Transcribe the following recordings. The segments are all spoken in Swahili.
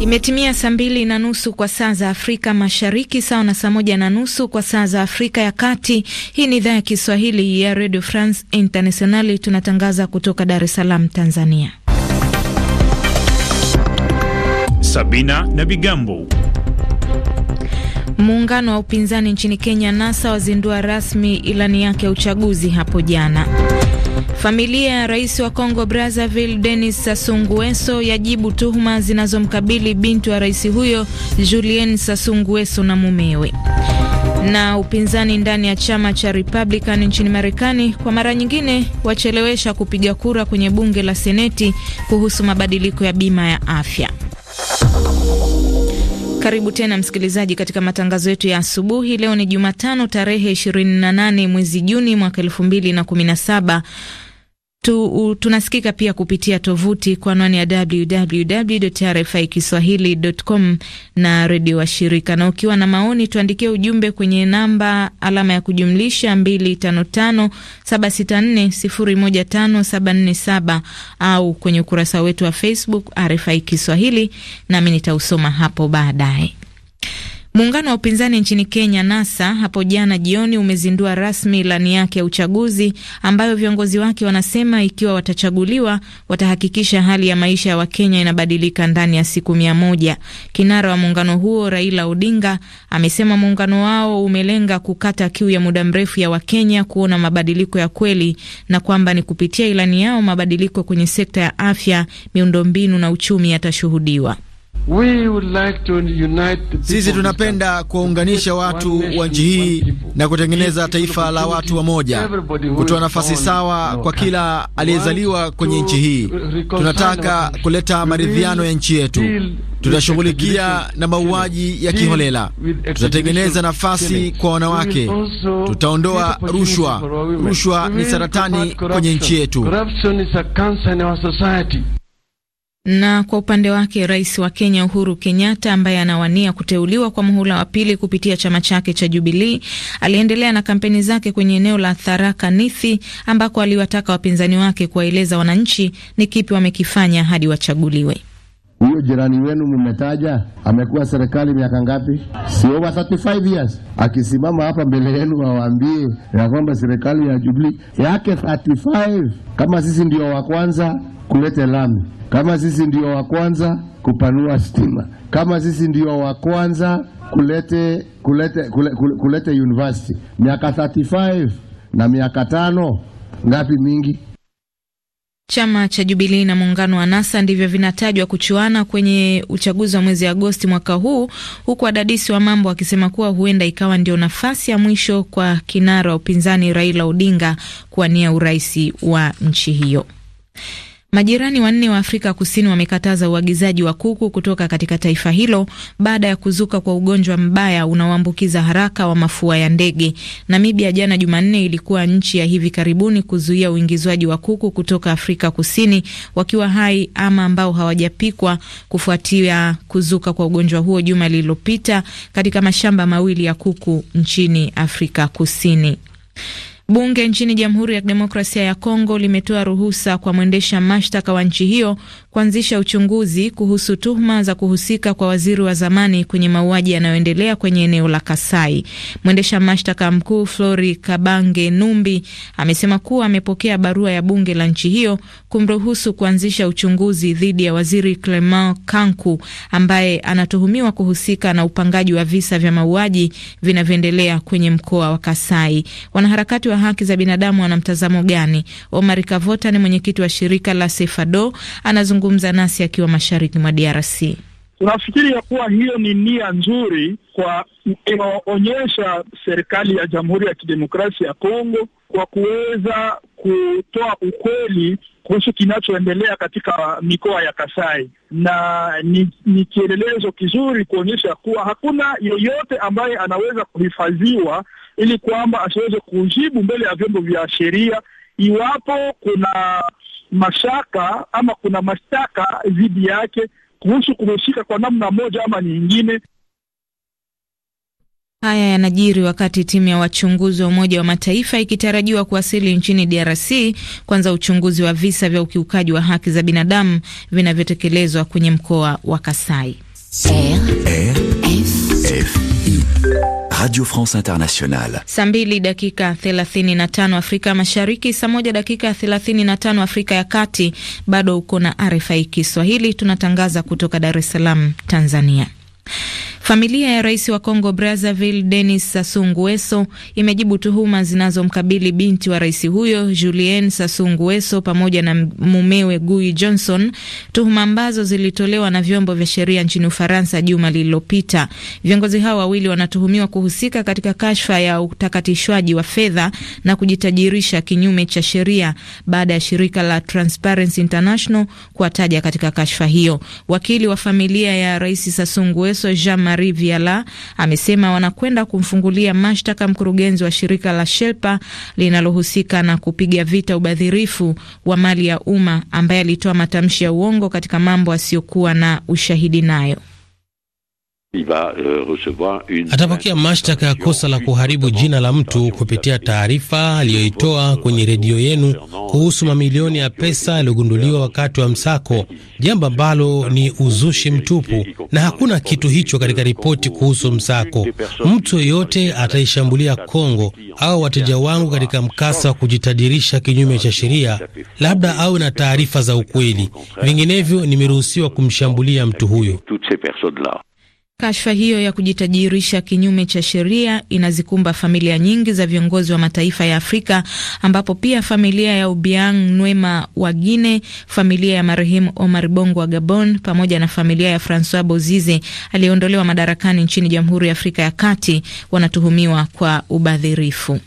Imetimia saa mbili na nusu kwa saa za Afrika Mashariki, sawa na saa moja na nusu kwa saa za Afrika ya Kati. Hii ni idhaa ya Kiswahili ya Radio France Internationali, tunatangaza kutoka Dar es Salaam, Tanzania. Sabina na Bigambo. Muungano wa upinzani nchini Kenya NASA wazindua rasmi ilani yake ya uchaguzi hapo jana. Familia ya rais wa Congo Brazzaville Denis Sassou Nguesso yajibu tuhuma zinazomkabili binti wa rais huyo Julien Sassou Nguesso na mumewe. Na upinzani ndani ya chama cha Republican nchini Marekani kwa mara nyingine wachelewesha kupiga kura kwenye bunge la Seneti kuhusu mabadiliko ya bima ya afya. Karibu tena msikilizaji, katika matangazo yetu ya asubuhi. Leo ni Jumatano tarehe 28 mwezi Juni mwaka 2017. Tu, u, tunasikika pia kupitia tovuti kwa anwani ya www.rfikiswahili.com na redio wa shirika. Na ukiwa na maoni, tuandikie ujumbe kwenye namba alama ya kujumlisha 255764015747 au kwenye ukurasa wetu wa Facebook RFI Kiswahili, nami nitausoma hapo baadaye. Muungano wa upinzani nchini Kenya, NASA, hapo jana jioni umezindua rasmi ilani yake ya uchaguzi ambayo viongozi wake wanasema ikiwa watachaguliwa watahakikisha hali ya maisha ya Wakenya inabadilika ndani ya siku mia moja. Kinara wa muungano huo Raila Odinga amesema muungano wao umelenga kukata kiu ya muda mrefu ya Wakenya kuona mabadiliko ya kweli na kwamba ni kupitia ilani yao mabadiliko kwenye sekta ya afya, miundombinu na uchumi yatashuhudiwa. Sisi tunapenda kuwaunganisha watu wa nchi hii na kutengeneza taifa la watu wamoja, kutoa nafasi sawa kwa kila aliyezaliwa kwenye nchi hii. Tunataka kuleta maridhiano ya nchi yetu. Tutashughulikia na mauaji ya kiholela, tutatengeneza nafasi kwa wanawake, tutaondoa rushwa. Rushwa ni saratani kwenye nchi yetu. Na kwa upande wake rais wa Kenya Uhuru Kenyatta, ambaye anawania kuteuliwa kwa muhula wa pili kupitia chama chake cha Jubilii, aliendelea na kampeni zake kwenye eneo la Tharaka Nithi, ambako aliwataka wapinzani wake kuwaeleza wananchi ni kipi wamekifanya hadi wachaguliwe. Huyo jirani wenu mmetaja amekuwa serikali miaka ngapi? Si over 35 years. Akisimama hapa mbele yenu awaambie ya kwamba serikali ya Jubilee yake 35, kama sisi ndio wa kwanza kulete lami, kama sisi ndio wa kwanza kupanua stima, kama sisi ndio wa kwanza kulete kulete kulete, kulete university. Miaka 35 na miaka tano ngapi mingi? Chama cha Jubilii na muungano wa NASA ndivyo vinatajwa kuchuana kwenye uchaguzi wa mwezi Agosti mwaka huu, huku wadadisi wa mambo wakisema kuwa huenda ikawa ndio nafasi ya mwisho kwa kinara wa upinzani Raila Odinga kuwania urais wa nchi hiyo. Majirani wanne wa Afrika Kusini wamekataza uagizaji wa kuku kutoka katika taifa hilo baada ya kuzuka kwa ugonjwa mbaya unaoambukiza haraka wa mafua ya ndege. Namibia jana Jumanne ilikuwa nchi ya hivi karibuni kuzuia uingizwaji wa kuku kutoka Afrika Kusini wakiwa hai ama ambao hawajapikwa kufuatia kuzuka kwa ugonjwa huo juma lililopita katika mashamba mawili ya kuku nchini Afrika Kusini. Bunge nchini Jamhuri ya Kidemokrasia ya Kongo limetoa ruhusa kwa mwendesha mashtaka wa nchi hiyo kuanzisha uchunguzi kuhusu tuhuma za kuhusika kwa waziri wa zamani kwenye mauaji yanayoendelea kwenye eneo la Kasai. Mwendesha mashtaka mkuu Flori Kabange Numbi amesema kuwa amepokea barua ya bunge la nchi hiyo kumruhusu kuanzisha uchunguzi dhidi ya waziri Clement Kanku ambaye anatuhumiwa kuhusika na upangaji wa visa vya mauaji vinavyoendelea kwenye mkoa wa Kasai. Wanaharakati wa haki za binadamu wana mtazamo gani? Omar Kavota ni mwenyekiti wa shirika la Sefado anazungumza anazungumza nasi akiwa mashariki mwa DRC. Tunafikiri ya kuwa hiyo ni nia nzuri kwa inaonyesha serikali ya Jamhuri ya Kidemokrasia ya Kongo kwa kuweza kutoa ukweli kuhusu kinachoendelea katika mikoa ya Kasai, na ni, ni kielelezo kizuri kuonyesha kuwa hakuna yeyote ambaye anaweza kuhifadhiwa ili kwamba asiweze kujibu mbele ya vyombo vya sheria iwapo kuna mashaka ama kuna mashtaka dhidi yake kuhusu kuhusika kwa namna moja ama nyingine. Haya yanajiri wakati timu ya wachunguzi wa Umoja wa Mataifa ikitarajiwa kuwasili nchini DRC kwanza uchunguzi wa visa vya ukiukaji wa haki za binadamu vinavyotekelezwa kwenye mkoa wa Kasai. Eh. Radio France Internationale. Saa mbili dakika 35 Afrika Mashariki, saa moja dakika 35 Afrika ya Kati. Bado uko na RFI Kiswahili, tunatangaza kutoka Dar es Salaam, Tanzania. Familia ya rais wa Kongo Brazzaville Denis Sassou Nguesso imejibu tuhuma zinazomkabili binti wa rais huyo Julien Sassou Nguesso pamoja na mumewe Guy Johnson, tuhuma ambazo zilitolewa na vyombo vya sheria nchini Ufaransa juma lililopita. Viongozi hao wawili wanatuhumiwa kuhusika katika kashfa ya utakatishwaji wa fedha na kujitajirisha kinyume cha sheria baada ya shirika la Transparency International kuwataja katika kashfa hiyo. Wakili wa familia ya rais Sassou Nguesso Mateso Jean-Marie Viala amesema wanakwenda kumfungulia mashtaka mkurugenzi wa shirika la Shelpa linalohusika na kupiga vita ubadhirifu wa mali ya umma ambaye alitoa matamshi ya uongo katika mambo asiyokuwa na ushahidi nayo. Euh, Atapokea mashtaka ya kosa la kuharibu jina la mtu kupitia taarifa aliyoitoa kwenye redio yenu kuhusu mamilioni ya pesa yaliyogunduliwa wakati wa msako, jambo ambalo ni uzushi mtupu, na hakuna kitu hicho katika ripoti kuhusu msako. Mtu yoyote ataishambulia Kongo au wateja wangu katika mkasa wa kujitajirisha kinyume cha sheria, labda awe na taarifa za ukweli, vinginevyo nimeruhusiwa kumshambulia mtu huyo. Kashfa hiyo ya kujitajirisha kinyume cha sheria inazikumba familia nyingi za viongozi wa mataifa ya Afrika, ambapo pia familia ya ubiang Nwema wa Guine, familia ya marehemu Omar Bongo wa Gabon, pamoja na familia ya Francois Bozize aliyeondolewa madarakani nchini Jamhuri ya Afrika ya Kati wanatuhumiwa kwa ubadhirifu.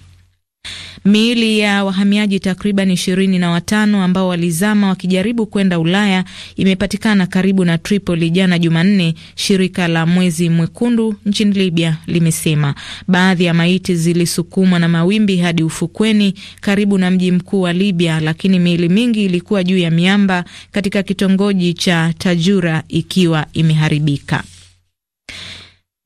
Miili ya wahamiaji takriban ishirini na watano ambao walizama wakijaribu kwenda Ulaya imepatikana karibu na Tripoli jana Jumanne, shirika la Mwezi Mwekundu nchini Libya limesema. Baadhi ya maiti zilisukumwa na mawimbi hadi ufukweni karibu na mji mkuu wa Libya, lakini miili mingi ilikuwa juu ya miamba katika kitongoji cha Tajura ikiwa imeharibika.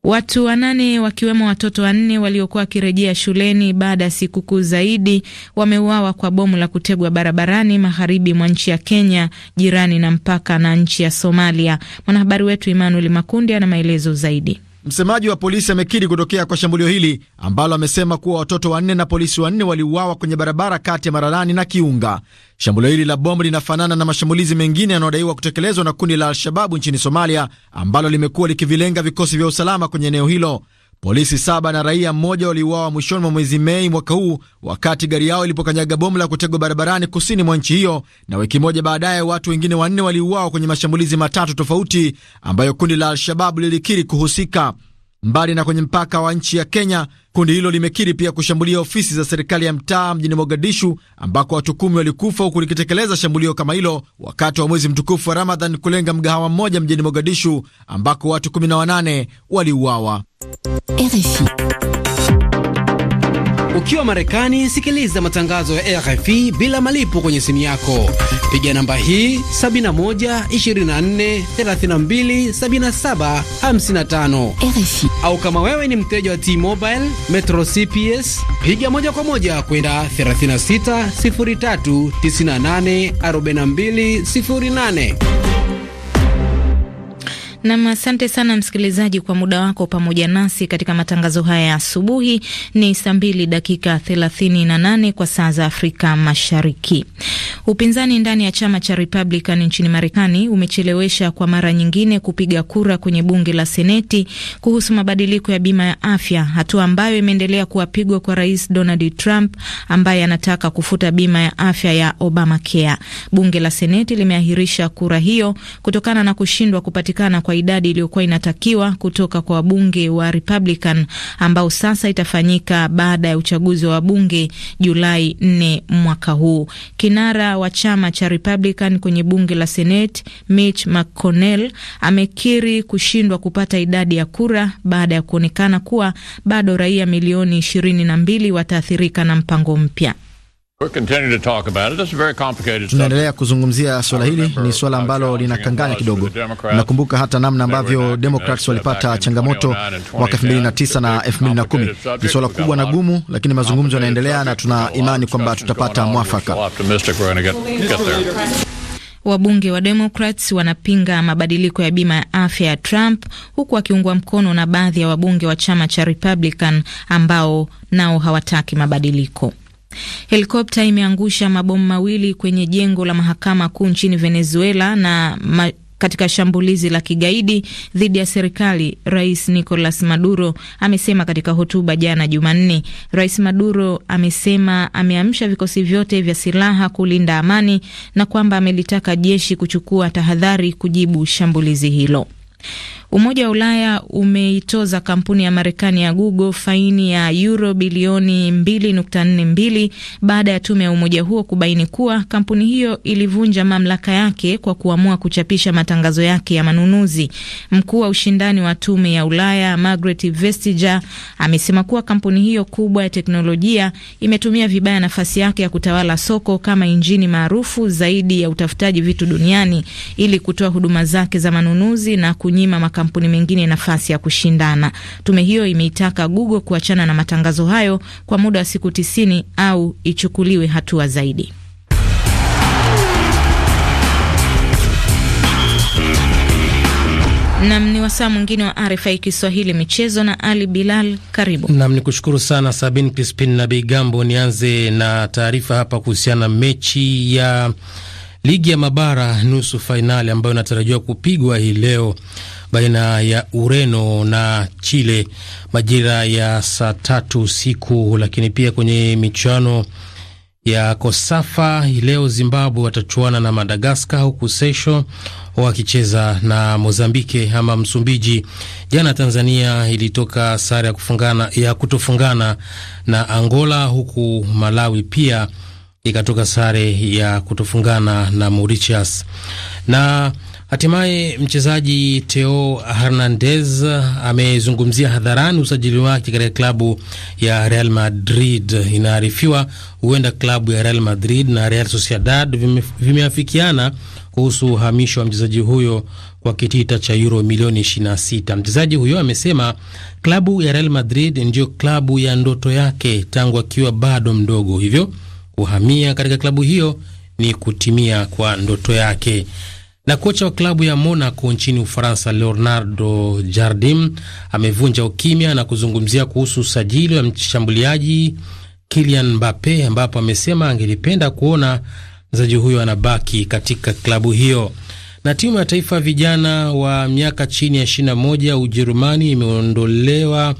Watu wanane wakiwemo watoto wanne waliokuwa wakirejea shuleni baada ya sikukuu zaidi wameuawa kwa bomu la kutegwa barabarani magharibi mwa nchi ya Kenya, jirani na mpaka na nchi ya Somalia. Mwanahabari wetu Emmanuel Makundi ana maelezo zaidi. Msemaji wa polisi amekiri kutokea kwa shambulio hili ambalo amesema kuwa watoto wanne na polisi wanne waliuawa kwenye barabara kati ya Maralani na Kiunga. Shambulio hili la bomu linafanana na mashambulizi mengine yanayodaiwa kutekelezwa na kundi la Al-Shababu nchini Somalia ambalo limekuwa likivilenga vikosi vya usalama kwenye eneo hilo. Polisi saba na raia mmoja waliuawa mwishoni mwa mwezi Mei mwaka huu wakati gari yao ilipokanyaga bomu la kutegwa barabarani kusini mwa nchi hiyo, na wiki moja baadaye watu wengine wanne waliuawa kwenye mashambulizi matatu tofauti ambayo kundi la Al-Shababu lilikiri kuhusika. Mbali na kwenye mpaka wa nchi ya Kenya, kundi hilo limekiri pia kushambulia ofisi za serikali ya mtaa mjini Mogadishu, ambako watu kumi walikufa huku likitekeleza shambulio kama hilo wakati wa mwezi mtukufu wa Ramadhan, kulenga mgahawa mmoja mjini Mogadishu ambako watu 18 waliuawa. RFI ukiwa Marekani, sikiliza matangazo ya RFI bila malipo kwenye simu yako. Piga namba hii 7124327755 Au kama wewe ni mteja wa T-Mobile Metro CPS, piga moja kwa moja kwenda 36 03 98 42 08. Nam, asante sana msikilizaji kwa muda wako pamoja nasi katika matangazo haya ya asubuhi. Ni saa mbili dakika thelathini na nane kwa saa za Afrika Mashariki. Upinzani ndani ya chama cha Republican nchini Marekani umechelewesha kwa mara nyingine kupiga kura kwenye bunge la Seneti kuhusu mabadiliko ya bima ya afya, hatua ambayo imeendelea kuwapigwa kwa Rais Donald Trump ambaye anataka kufuta bima ya afya ya Obamacare. Bunge la Seneti limeahirisha kura hiyo kutokana na kushindwa kupatikana kwa idadi iliyokuwa inatakiwa kutoka kwa wabunge wa Republican ambao sasa itafanyika baada ya uchaguzi wa wabunge Julai 4 mwaka huu. Kinara wa chama cha Republican kwenye bunge la Senate Mitch McConnell amekiri kushindwa kupata idadi ya kura baada ya kuonekana kuwa bado raia milioni 22 wataathirika na mpango mpya. Tunaendelea kuzungumzia swala hili. Ni swala ambalo linakanganya kidogo. Nakumbuka hata namna ambavyo Democrats walipata changamoto oh mwaka 2009 na 2010. Ni swala kubwa na gumu, lakini mazungumzo yanaendelea na tuna imani kwamba tutapata mwafaka. Wabunge wa Democrats wanapinga mabadiliko ya bima ya afya ya Trump huku wakiungwa mkono na baadhi ya wabunge wa chama cha Republican ambao nao hawataki mabadiliko. Helikopta imeangusha mabomu mawili kwenye jengo la mahakama kuu nchini Venezuela na ma katika shambulizi la kigaidi dhidi ya serikali, Rais Nicolas Maduro amesema katika hotuba jana Jumanne. Rais Maduro amesema ameamsha vikosi vyote vya silaha kulinda amani na kwamba amelitaka jeshi kuchukua tahadhari kujibu shambulizi hilo. Umoja wa Ulaya umeitoza kampuni ya Marekani ya Google faini ya euro bilioni 2.42 baada ya tume ya umoja huo kubaini kuwa kampuni hiyo ilivunja mamlaka yake kwa kuamua kuchapisha matangazo yake ya manunuzi. Mkuu wa ushindani wa tume ya Ulaya Margaret Vestager amesema kuwa kampuni hiyo kubwa ya teknolojia imetumia vibaya nafasi yake ya kutawala soko kama injini maarufu zaidi ya utafutaji vitu duniani ili kutoa huduma zake za manunuzi na kunyima makampuni mengine nafasi ya kushindana. Tume hiyo imeitaka Google kuachana na matangazo hayo kwa muda wa siku tisini au ichukuliwe hatua zaidi. Nam ni wasaa mwingine wa RFI Kiswahili michezo na Ali Bilal, karibu. Nam ni kushukuru sana Sabin Crispin na Bigambo. Nianze na taarifa hapa kuhusiana na mechi ya ligi ya mabara nusu fainali ambayo inatarajiwa kupigwa hii leo baina ya Ureno na Chile majira ya saa tatu usiku. Lakini pia kwenye michuano ya Kosafa leo Zimbabwe watachuana na Madagaskar, huku Sesho wakicheza na mozambike ama Msumbiji. Jana Tanzania ilitoka sare ya kufungana, ya kutofungana na Angola, huku Malawi pia ikatoka sare ya kutofungana na Mauritius na Hatimaye mchezaji Teo Hernandez amezungumzia hadharani usajili wake katika klabu ya Real Madrid. Inaarifiwa huenda klabu ya Real Madrid na Real Sociedad vimeafikiana kuhusu uhamisho wa mchezaji huyo kwa kitita cha euro milioni 26. Mchezaji huyo amesema klabu ya Real Madrid ndiyo klabu ya ndoto yake tangu akiwa bado mdogo, hivyo kuhamia katika klabu hiyo ni kutimia kwa ndoto yake. Na kocha wa klabu ya Monaco nchini Ufaransa, Leonardo Jardim amevunja ukimya na kuzungumzia kuhusu usajili wa mshambuliaji Kylian Mbappe, ambapo amesema angelipenda kuona mchezaji huyo anabaki katika klabu hiyo. Na timu ya taifa vijana wa miaka chini ya 21 Ujerumani imeondolewa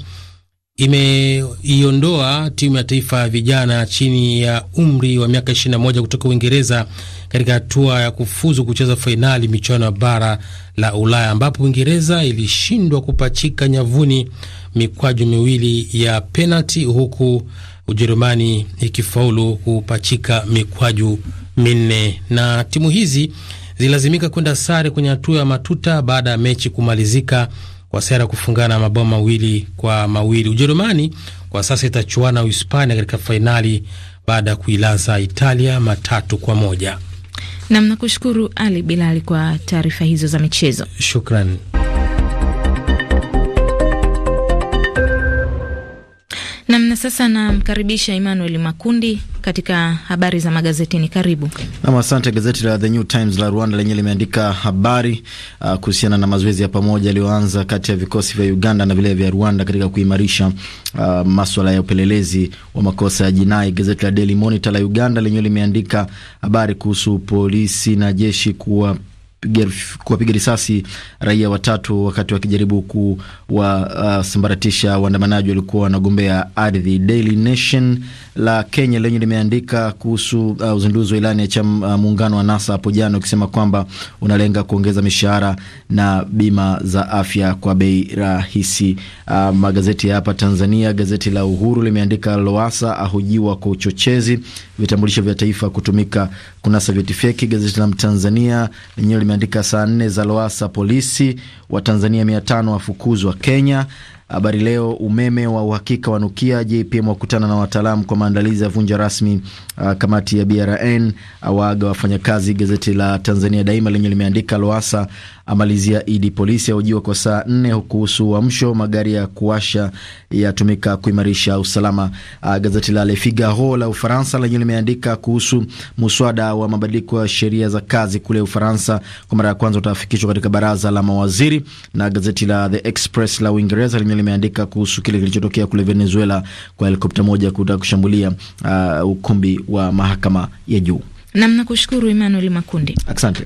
imeiondoa timu ya taifa ya vijana chini ya umri wa miaka 21 kutoka Uingereza katika hatua ya kufuzu kucheza fainali michuano ya bara la Ulaya, ambapo Uingereza ilishindwa kupachika nyavuni mikwaju miwili ya penalti, huku Ujerumani ikifaulu kupachika mikwaju minne, na timu hizi zililazimika kwenda sare kwenye hatua ya matuta baada ya mechi kumalizika kwa sera kufungana mabao mawili kwa mawili. Ujerumani kwa sasa itachuana Uhispania katika fainali baada ya kuilaza Italia matatu kwa moja. Nam, kushukuru Ali Bilali kwa taarifa hizo za michezo, shukran. sasa namkaribisha Emmanuel Makundi katika habari za magazetini. Karibu nam. Asante. Gazeti la The New Times la Rwanda lenye limeandika habari uh, kuhusiana na mazoezi ya pamoja yaliyoanza kati ya vikosi vya Uganda na vile vya Rwanda katika kuimarisha uh, maswala ya upelelezi wa makosa ya jinai. Gazeti la Daily Monitor la Uganda lenyewe limeandika habari kuhusu polisi na jeshi kuwa kuwapiga risasi raia watatu wakati wakijaribu kuwasambaratisha uh, waandamanaji walikuwa wanagombea ardhi. Daily Nation la Kenya lenye limeandika kuhusu uh, uzinduzi wa ilani ya chama uh, muungano wa NASA hapo jana ukisema kwamba unalenga kuongeza mishahara na bima za afya kwa bei rahisi. Uh, magazeti ya hapa Tanzania, gazeti la Uhuru limeandika Loasa ahojiwa kwa uchochezi, vitambulisho vya taifa kutumika kunasa vyeti feki. Gazeti la Mtanzania lenyewe limeandika saa nne za Loasa, polisi wa Tanzania mia tano wafukuzwa Kenya. Habari Leo, umeme wa uhakika wa wanukia. JPM wakutana na wataalamu kwa maandalizi ya vunja rasmi. Uh, kamati ya BRN awaaga wafanyakazi. Gazeti la Tanzania Daima lenye limeandika Loasa amalizia Idi, e polisi aujiwa kwa saa nne kuhusu uamsho, magari ya kuwasha yatumika kuimarisha usalama. Uh, gazeti la Le Figaro la Ufaransa lenye limeandika kuhusu muswada wa mabadiliko ya sheria za kazi kule Ufaransa kwa mara ya kwanza utafikishwa katika baraza la mawaziri, na gazeti la The Express la Uingereza lenye limeandika kuhusu kile kilichotokea kule Venezuela kwa helikopta moja kutaka kushambulia uh, ukumbi wa mahakama ya juu. Nam, kushukuru Emmanuel Makundi, asante.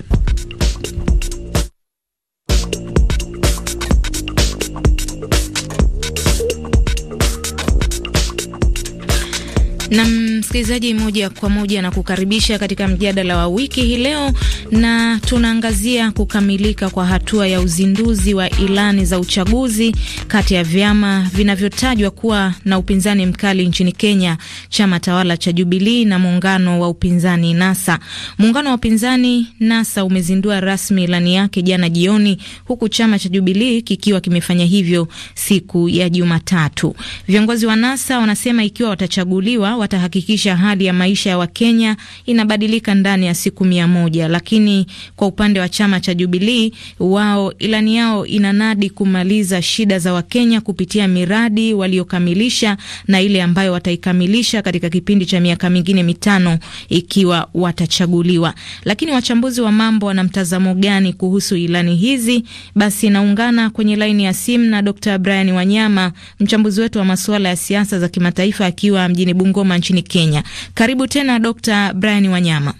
Na msikilizaji, moja kwa moja na kukaribisha katika mjadala wa wiki hii leo, na tunaangazia kukamilika kwa hatua ya uzinduzi wa ilani za uchaguzi kati ya vyama vinavyotajwa kuwa na upinzani mkali nchini Kenya, chama tawala cha Jubilii na muungano wa upinzani NASA. Muungano wa upinzani NASA umezindua rasmi ilani yake jana jioni, huku chama cha Jubilii kikiwa kimefanya hivyo siku ya Jumatatu. Viongozi wa NASA wanasema ikiwa watachaguliwa watahakikisha hali ya maisha ya Wakenya inabadilika ndani ya siku mia moja. Lakini kwa upande wa chama cha Jubilii, wao ilani yao inanadi kumaliza shida za Wakenya kupitia miradi waliokamilisha na ile ambayo wataikamilisha katika kipindi cha miaka mingine mitano ikiwa watachaguliwa. Lakini wachambuzi wa mambo wana mtazamo gani kuhusu ilani hizi? Basi naungana kwenye laini ya simu na Dr. Brian Wanyama, mchambuzi wetu wa masuala ya siasa za kimataifa akiwa mjini Bungoma umma nchini Kenya. Karibu tena Dr. Brian Wanyama.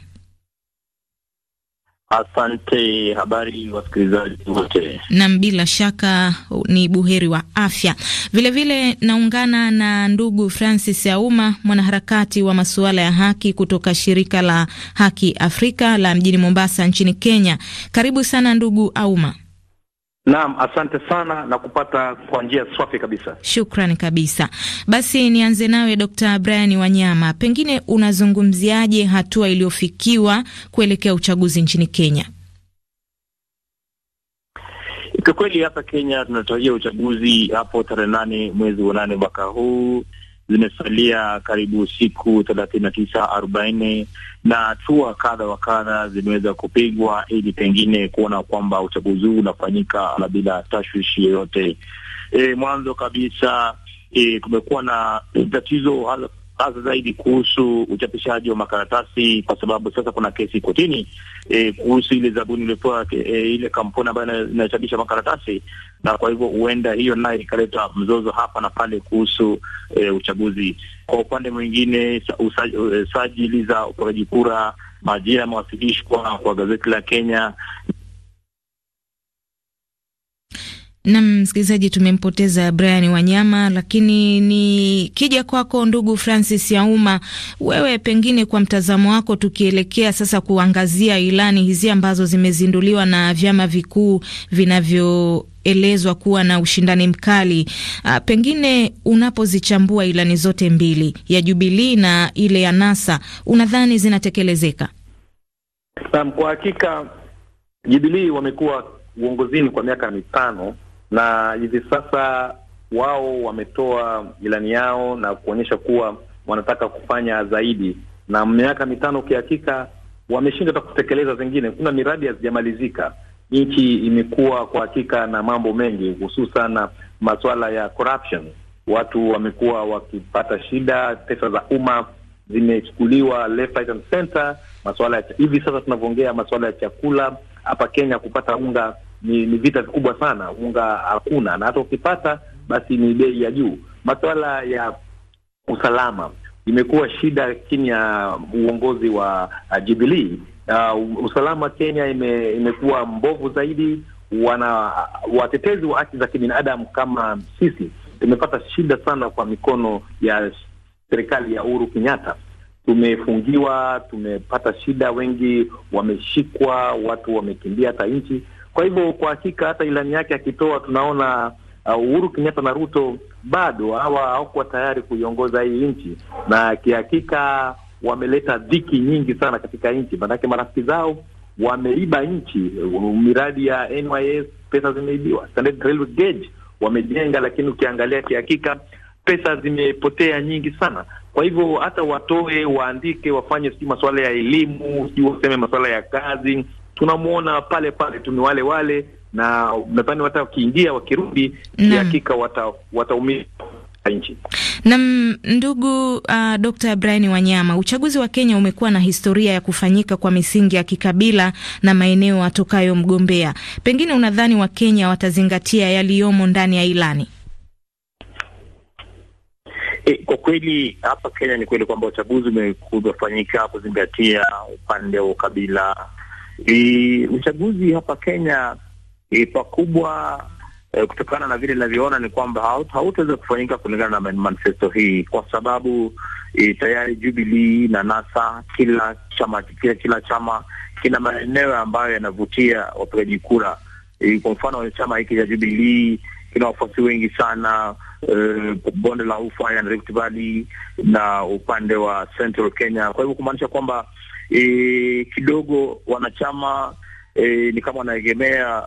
Asante, habari wasikilizaji wote. Nam, bila shaka ni buheri wa afya. Vilevile vile, naungana na ndugu Francis Auma, mwanaharakati wa masuala ya haki kutoka shirika la Haki Afrika la mjini Mombasa nchini Kenya. Karibu sana ndugu Auma. Naam, asante sana na kupata kwa njia swafi kabisa. Shukrani kabisa. Basi nianze nawe Dr. Brian Wanyama, pengine unazungumziaje hatua iliyofikiwa kuelekea uchaguzi nchini Kenya? Kwa kweli hapa Kenya tunatarajia uchaguzi hapo tarehe nane mwezi wa nane mwaka huu zimesalia karibu siku thelathini na tisa arobaini na hatua kadha wa kadha zimeweza kupigwa ili pengine kuona kwamba uchaguzi huu unafanyika na bila tashwishi yoyote. E, mwanzo kabisa e, kumekuwa na tatizo hasa zaidi kuhusu uchapishaji wa makaratasi, kwa sababu sasa kuna kesi kotini e, kuhusu ile zabuni iliyopewa e, ile kampuni ambayo inachapisha makaratasi, na kwa hivyo huenda hiyo nayo ikaleta mzozo hapa na pale kuhusu e, uchaguzi. Kwa upande mwingine, e, sajili za upigaji kura, majina yamewasilishwa kwa gazeti la Kenya Nam msikilizaji, tumempoteza Brian Wanyama, lakini ni kija kwako ndugu Francis Yauma, wewe pengine kwa mtazamo wako, tukielekea sasa kuangazia ilani hizi ambazo zimezinduliwa na vyama vikuu vinavyoelezwa kuwa na ushindani mkali, a, ah, pengine unapozichambua ilani zote mbili, ya Jubilii na ile ya NASA, unadhani zinatekelezeka? Nam, kwa hakika Jubilii wamekuwa uongozini kwa miaka mitano na hivi sasa wao wametoa ilani yao na kuonyesha kuwa wanataka kufanya zaidi, na miaka mitano kihakika wameshindwa hata kutekeleza zingine. Kuna miradi hazijamalizika. Nchi imekuwa kwa hakika na mambo mengi, hususan na masuala ya corruption. Watu wamekuwa wakipata shida, pesa za umma zimechukuliwa left, right and center. Masuala ya hivi sasa tunavyoongea, masuala ya chakula hapa Kenya, kupata unga ni, ni vita vikubwa sana. Unga hakuna na hata ukipata basi ni bei ya juu. Masuala ya usalama imekuwa shida chini ya uongozi wa uh, Jubilee. Uh, usalama Kenya ime, imekuwa mbovu zaidi. Wana uh, watetezi wa haki za kibinadamu kama sisi tumepata shida sana kwa mikono ya serikali ya Uhuru Kenyatta. Tumefungiwa, tumepata shida, wengi wameshikwa, watu wamekimbia hata nchi. Kwa hivyo kwa hakika hata ilani yake akitoa, tunaona uh, Uhuru Kenyatta na Ruto bado hawa hawakuwa tayari kuiongoza hii nchi, na kihakika wameleta dhiki nyingi sana katika nchi, maanake marafiki zao wameiba nchi. Miradi ya NYS pesa zimeibiwa, Standard Railway Gauge wamejenga, lakini ukiangalia kihakika pesa zimepotea nyingi sana. Kwa hivyo hata watoe, waandike, wafanye sijui masuala ya elimu, sijui waseme masuala ya kazi, tunamwona pale pale tu, ni wale wale, na nadhani hata wakiingia wakirudi, hakika wataumia wata na ndugu uh, Dr. Brian Wanyama, uchaguzi wa Kenya umekuwa na historia ya kufanyika kwa misingi ya kikabila na maeneo atokayo mgombea. Pengine unadhani Wakenya watazingatia yaliyomo ndani ya ilani? E, kwa kweli hapa Kenya ni kweli kwamba uchaguzi umefanyika kuzingatia upande wa ukabila E, uchaguzi hapa Kenya e, pakubwa e, kutokana na vile inavyoona ni kwamba hautaweza kufanyika kulingana na manifesto hii, kwa sababu e, tayari Jubilee na NASA, kila chama kila, kila chama kina maeneo ambayo yanavutia wapigaji kura e, kwa mfano chama hiki cha Jubilee kina wafuasi wengi sana e, bonde la Ufa na Rift Valley na upande wa Central Kenya, kwa hivyo kumaanisha kwamba e, kidogo wanachama e, ni kama wanaegemea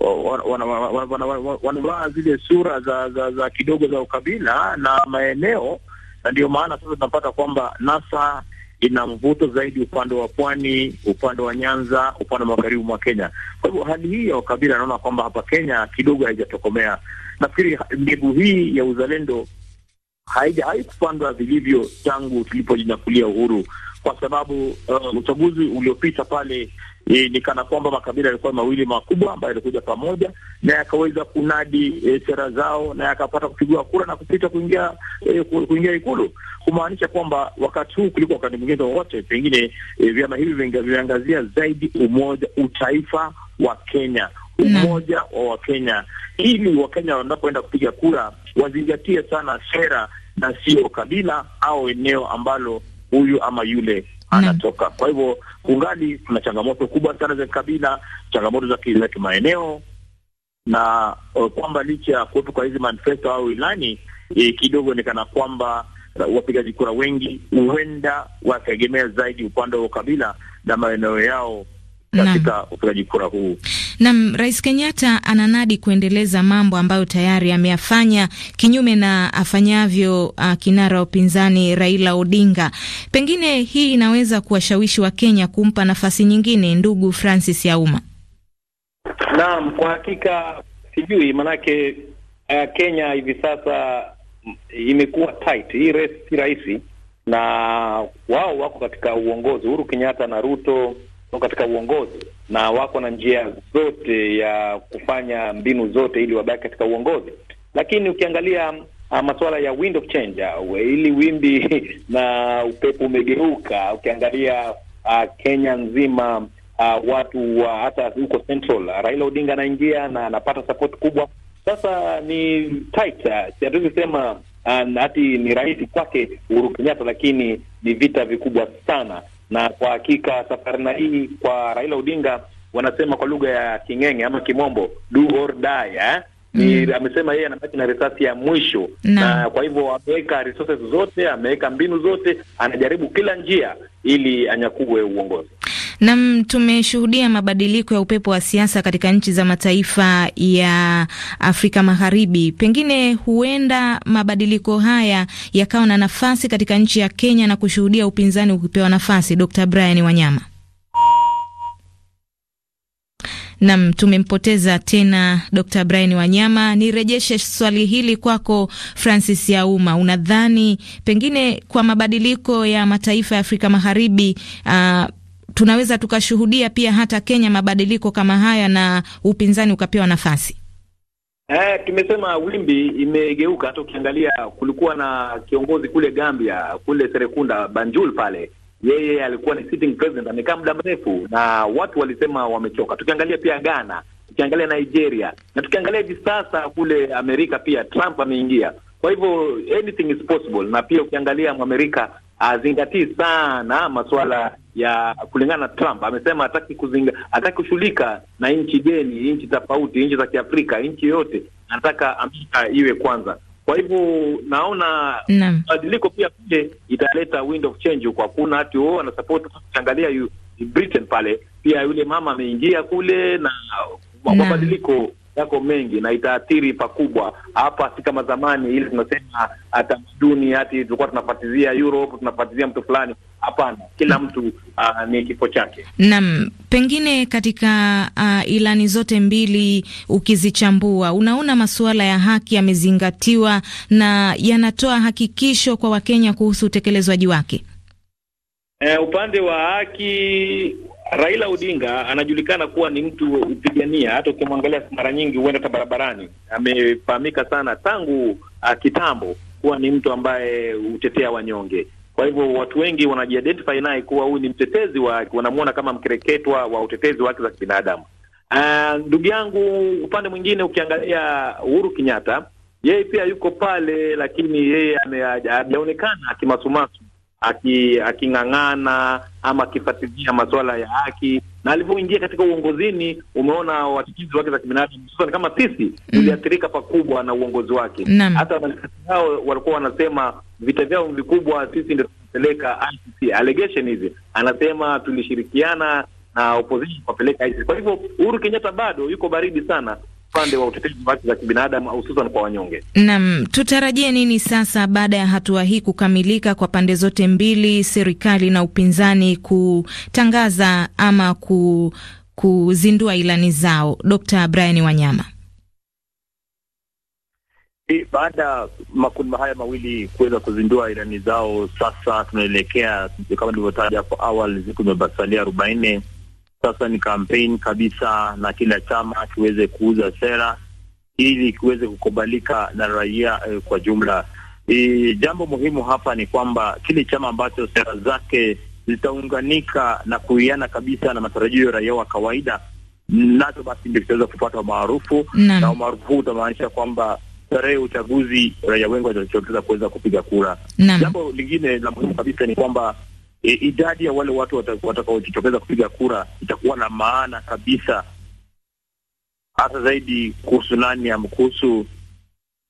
uh, wanavaa wana, wana, wana, zile sura za, za, za kidogo za ukabila na maeneo, na ndio maana sasa tunapata kwamba NASA ina mvuto zaidi upande wa pwani, upande wa Nyanza, upande wa magharibi mwa Kenya. Kwa hivyo hali hii ya ukabila naona kwamba hapa Kenya kidogo haijatokomea. Nafikiri mbegu hii ya uzalendo haija haikupandwa vilivyo tangu tulipojinyakulia uhuru kwa sababu uh, uchaguzi uliopita pale E, ni kana kwamba makabila yalikuwa mawili makubwa ambayo yalikuja pamoja na yakaweza kunadi e, sera zao na yakapata kupigiwa kura na kupita kuingia e, kuingia Ikulu, kumaanisha kwamba wakati huu kuliko wakati mwingine wowote pengine e, vyama hivi vimeangazia zaidi umoja, utaifa wa Kenya, umoja mm, wa Wakenya, ili Wakenya wanapoenda kupiga kura wazingatie sana sera na sio kabila au eneo ambalo huyu ama yule anatoka. Kwa hivyo kungali kuna changamoto kubwa sana za kikabila, changamoto za kimaeneo na uh, kwamba licha ya kuwepo kwa hizi manifesto au ilani eh, kidogo ni kana kwamba uh, wapigaji kura wengi huenda wategemea zaidi upande wa ukabila na maeneo yao katika upigaji kura huu. Naam, Rais Kenyatta ananadi kuendeleza mambo ambayo tayari ameyafanya kinyume na afanyavyo uh, kinara wa upinzani Raila Odinga. Pengine hii inaweza kuwashawishi wa kenya kumpa nafasi nyingine ndugu Francis Yauma. Naam, kwa hakika sijui, manake uh, Kenya hivi sasa mm, imekuwa tight. Hii race si rahisi, na wao wako katika uongozi. Uhuru Kenyatta na Ruto katika uongozi na wako na njia zote ya kufanya mbinu zote ili wabaki katika uongozi, lakini ukiangalia ah, masuala ya wind of change, ah, ili wimbi na upepo umegeuka. Ukiangalia uh, Kenya nzima uh, watu wa uh, hata huko Central uh, Raila Odinga anaingia na anapata support kubwa. Sasa ni tight, siwezi sema hati ni rahisi kwake Uhuru Kenyatta, lakini ni vita vikubwa sana na kwa hakika safari na hii kwa Raila Odinga wanasema kwa lugha ya King'enge ama Kimombo, do or die eh? Ni, mm. Amesema yeye anabaki na risasi ya mwisho na, Na kwa hivyo ameweka resources zote, ameweka mbinu zote, anajaribu kila njia ili anyakue uongozi. Nam, tumeshuhudia mabadiliko ya upepo wa siasa katika nchi za mataifa ya Afrika Magharibi. Pengine huenda mabadiliko haya yakawa na nafasi katika nchi ya Kenya na kushuhudia upinzani ukipewa nafasi. Dr Brian Wanyama. Nam, tumempoteza tena Dr Brian Wanyama. Nirejeshe swali hili kwako Francis Yauma, unadhani pengine kwa mabadiliko ya mataifa ya Afrika Magharibi, uh, tunaweza tukashuhudia pia hata Kenya mabadiliko kama haya na upinzani ukapewa nafasi? Eh, tumesema wimbi imegeuka. Hata ukiangalia kulikuwa na kiongozi kule Gambia, kule Serekunda, Banjul pale, yeye alikuwa ni sitting president, amekaa muda mrefu na watu walisema wamechoka. Tukiangalia pia Ghana, tukiangalia Nigeria na tukiangalia hivi sasa kule Amerika pia Trump ameingia. Kwa hivyo anything is possible, na pia ukiangalia Mwamerika azingatii sana masuala ya kulingana na Trump amesema hataki kuzinga, hataki kushughulika na nchi geni, nchi tofauti, nchi za Kiafrika, nchi yote, anataka Amerika iwe kwanza. Kwa hivyo naona mabadiliko pia kule italeta wind of change kwa kuna hati wao wanasapoti, angalia Britain pale, pia yule mama ameingia kule na mabadiliko yako mengi na itaathiri pakubwa. Hapa si kama zamani ile tunasema ah, tamaduni, hati tulikuwa tunafatizia Europe, tunafatizia mtu fulani. Hapana, kila mtu uh, ni kifo chake. Naam, pengine katika uh, ilani zote mbili ukizichambua, unaona masuala ya haki yamezingatiwa na yanatoa hakikisho kwa Wakenya kuhusu utekelezwaji wake? Eh, upande wa haki Raila Odinga anajulikana kuwa ni mtu upigania, hata ukimwangalia mara nyingi huenda hata barabarani, amefahamika sana tangu uh, kitambo kuwa ni mtu ambaye hutetea wanyonge. Kwa hivyo watu wengi wanajiidentify naye kuwa huyu ni mtetezi wa, wanamuona kama mkereketwa wa utetezi wa haki za kibinadamu. Ah, ndugu yangu, upande mwingine ukiangalia Uhuru Kenyatta, yeye pia yuko pale, lakini yeye hajaonekana akimasumasu aking'ang'ana aki ama akifatilia masuala ya haki, na alivyoingia katika uongozini, umeona watetezi wake za kibinadamu hususan kama sisi mm. tuliathirika mm. pakubwa na uongozi wake. Hata wanaharakati hao walikuwa wanasema vita vyao vikubwa, sisi ndio tunapeleka ICC allegation hizi, anasema tulishirikiana na opposition kupeleka ICC. Kwa hivyo Uhuru Kenyatta bado yuko baridi sana, upande wa utetezi wa haki za kibinadamu hususan kwa wanyonge. Naam, tutarajie nini sasa baada ya hatua hii kukamilika kwa pande zote mbili, serikali na upinzani kutangaza ama ku, kuzindua ilani zao? Dr. Brian Wanyama. E, baada ya makundi haya mawili kuweza kuzindua ilani zao, sasa tunaelekea kama nilivyotaja hapo awali, ziku zimebasalia arobaini sasa ni kampeni kabisa, na kila chama kiweze kuuza sera ili kiweze kukubalika na raia eh, kwa jumla. E, jambo muhimu hapa ni kwamba kile chama ambacho sera zake zitaunganika na kuiana kabisa na matarajio ya raia wa kawaida, nacho basi ndio kitaweza kupata umaarufu, na umaarufu huu utamaanisha kwamba tarehe uchaguzi raia wengi watajitokeza kuweza kupiga kura. Jambo lingine la muhimu kabisa ni kwamba e, idadi ya wale watu watakaojitokeza kupiga kura itakuwa na maana kabisa, hata zaidi kuhusu nani ama kuhusu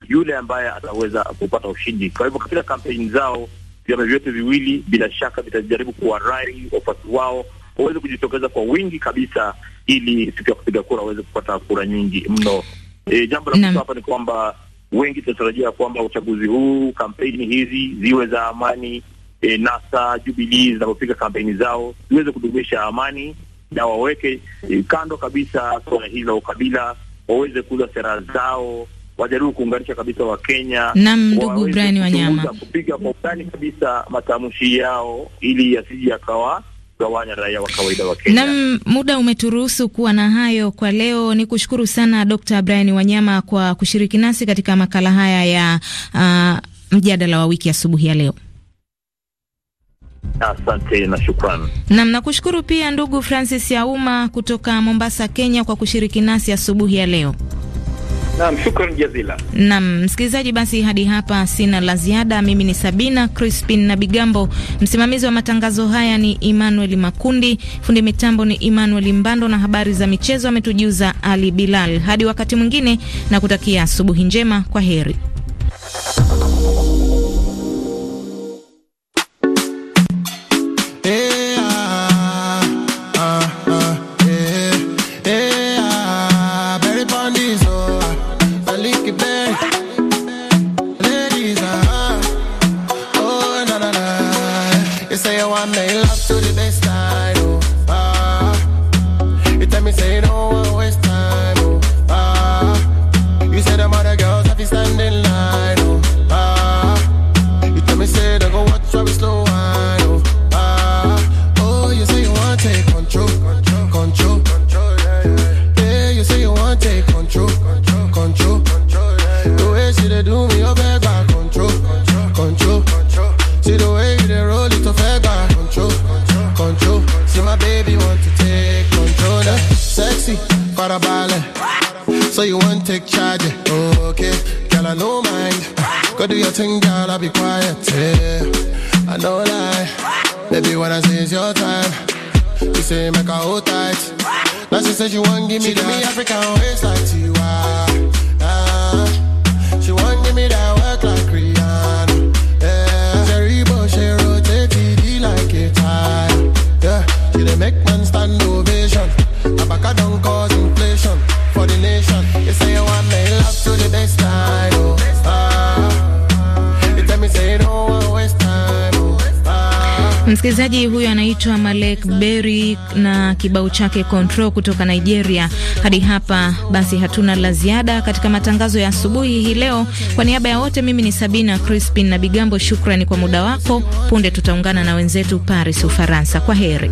yule ambaye ataweza kupata ushindi. Kwa hivyo katika kampeni zao, vyama vyote viwili bila shaka vitajaribu kuwarai wafuasi wao waweze kujitokeza kwa wingi kabisa, ili siku ya kupiga kura waweze kupata kura nyingi mno. E, jambo la mwisho hapa ni kwamba wengi tunatarajia kwamba uchaguzi huu, kampeni hizi ziwe za amani, e, NASA, Jubilee zinapopiga kampeni zao ziweze kudumisha amani na waweke e, kando kabisa suala hili la ukabila, waweze kuuza sera zao, wajaribu kuunganisha kabisa Wakenya. nam ndugu Brian Wanyama, kupiga kwa undani kabisa matamshi yao ili yasiji yakawa Nam, muda umeturuhusu kuwa na hayo kwa leo. Ni kushukuru sana Dr. Brian Wanyama kwa kushiriki nasi katika makala haya ya uh, mjadala wa wiki asubuhi ya, ya leo. Asante na shukrani. Nam, nakushukuru pia ndugu Francis Yauma kutoka Mombasa, Kenya, kwa kushiriki nasi asubuhi ya, leo. Nam, shukrani jazila. Nam msikilizaji, basi hadi hapa sina la ziada. Mimi ni Sabina Crispin na Bigambo, msimamizi wa matangazo haya ni Emmanuel Makundi, fundi mitambo ni Emmanuel Mbando na habari za michezo ametujuza Ali Bilal. Hadi wakati mwingine, na kutakia asubuhi njema, kwa heri. I no mind. Go do your thing, girl, I'll be quiet. Yeah. I know lie. Baby, when I say it's your time, you say make her hold tight. Now she says she want give me she that. give me African waist like Tiwa. Ah. She want give me that work like Rihanna. Yeah. Cherry boy, she rotate TD like a tie. Yeah. She dey make man stand ovation. Abaka don't cause inflation for the nation. You say you want me love to the best time. Msikilizaji huyo anaitwa Malek Berry na kibao chake Control kutoka Nigeria. Hadi hapa basi, hatuna la ziada katika matangazo ya asubuhi hii leo. Kwa niaba ya wote, mimi ni Sabina Crispin na Bigambo, shukrani kwa muda wako. Punde tutaungana na wenzetu Paris, Ufaransa. Kwa heri.